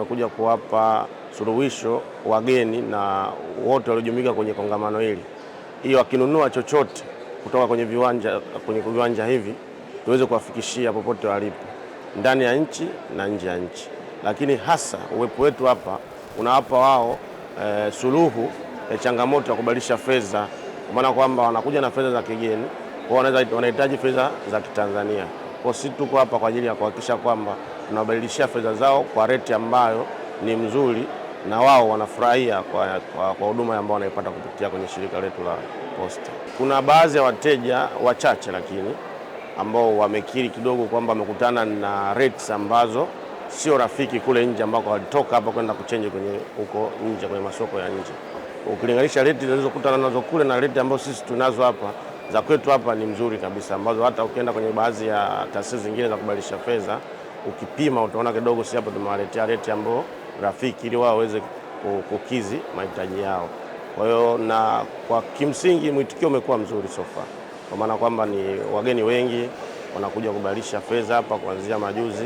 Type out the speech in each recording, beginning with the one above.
Nakuja kuwapa suluhisho wageni na wote waliojumuika kwenye kongamano hili, hiyo wakinunua chochote kutoka kwenye viwanja, kwenye viwanja hivi tuweze kuwafikishia popote walipo ndani ya nchi na nje ya nchi, lakini hasa uwepo wetu hapa unawapa wao e, suluhu ya changamoto ya kubadilisha fedha, kwa maana kwamba wanakuja na fedha za kigeni, wanahitaji fedha za Kitanzania. Kwa sisi tuko hapa kwa ajili ya kuhakikisha kwamba tunabadilishia fedha zao kwa reti ambayo ni mzuri na wao wanafurahia kwa huduma ambao wanaipata kupitia kwenye shirika letu la Posta. Kuna baadhi ya wateja wachache lakini ambao wamekiri kidogo kwamba wamekutana na rates ambazo sio rafiki kule nje ambako walitoka hapa kwenda kuchenji kwenye huko nje kwenye masoko ya nje, ukilinganisha rate zilizokutana nazo kule na rate ambazo sisi tunazo hapa za kwetu hapa ni mzuri kabisa, ambazo hata ukienda kwenye baadhi ya taasisi zingine za kubadilisha fedha ukipima utaona kidogo, si hapa tumewaletea reti ambayo rafiki, ili wao waweze kukizi mahitaji yao. Kwa hiyo na kwa kimsingi mwitikio umekuwa mzuri sofa, kwa maana kwamba ni wageni wengi wanakuja kubadilisha fedha hapa kuanzia majuzi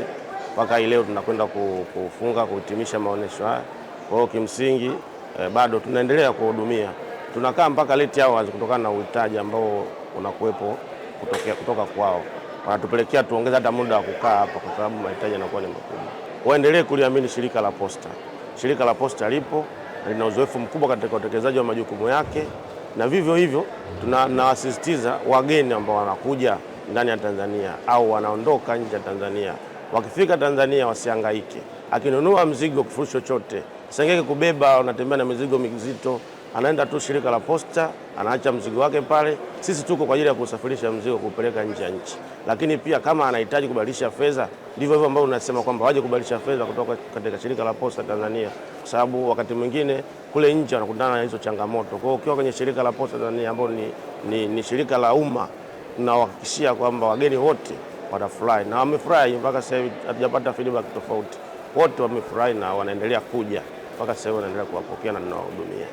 mpaka hii leo tunakwenda kufunga kuhitimisha maonyesho haya. Kwa hiyo kimsingi eh, bado tunaendelea kuhudumia tunakaa mpaka late hours kutokana na uhitaji ambao unakuwepo kutokea, kutoka kwao wanatupelekea tuongeze hata muda wa kukaa hapa kwa sababu mahitaji yanakuwa ni makubwa. Waendelee kuliamini shirika la Posta. Shirika la Posta lipo lina uzoefu mkubwa katika utekelezaji wa majukumu yake, na vivyo hivyo tunawasisitiza wageni ambao wanakuja ndani ya Tanzania au wanaondoka nje ya Tanzania, wakifika Tanzania wasihangaike, akinunua mzigo kifurushi chochote, siangeke kubeba, unatembea na mizigo mizito anaenda tu shirika la posta anaacha mzigo wake pale. Sisi tuko kwa ajili ya kusafirisha mzigo kupeleka nje ya nchi, lakini pia kama anahitaji kubadilisha fedha, ndivyo hivyo ambao unasema kwamba waje kubadilisha fedha kutoka katika shirika la posta Tanzania, kwa sababu wakati mwingine kule nje wanakutana na hizo changamoto. Kwa hiyo ukiwa kwenye shirika la posta Tanzania ambao ni, ni, ni shirika la umma, tunawahakikishia kwamba wageni wote watafurahi na wamefurahi mpaka sasa hivi, hatujapata feedback tofauti. Wote wamefurahi na wanaendelea kuja mpaka sasa hivi, wanaendelea kuwapokea na tunawahudumia.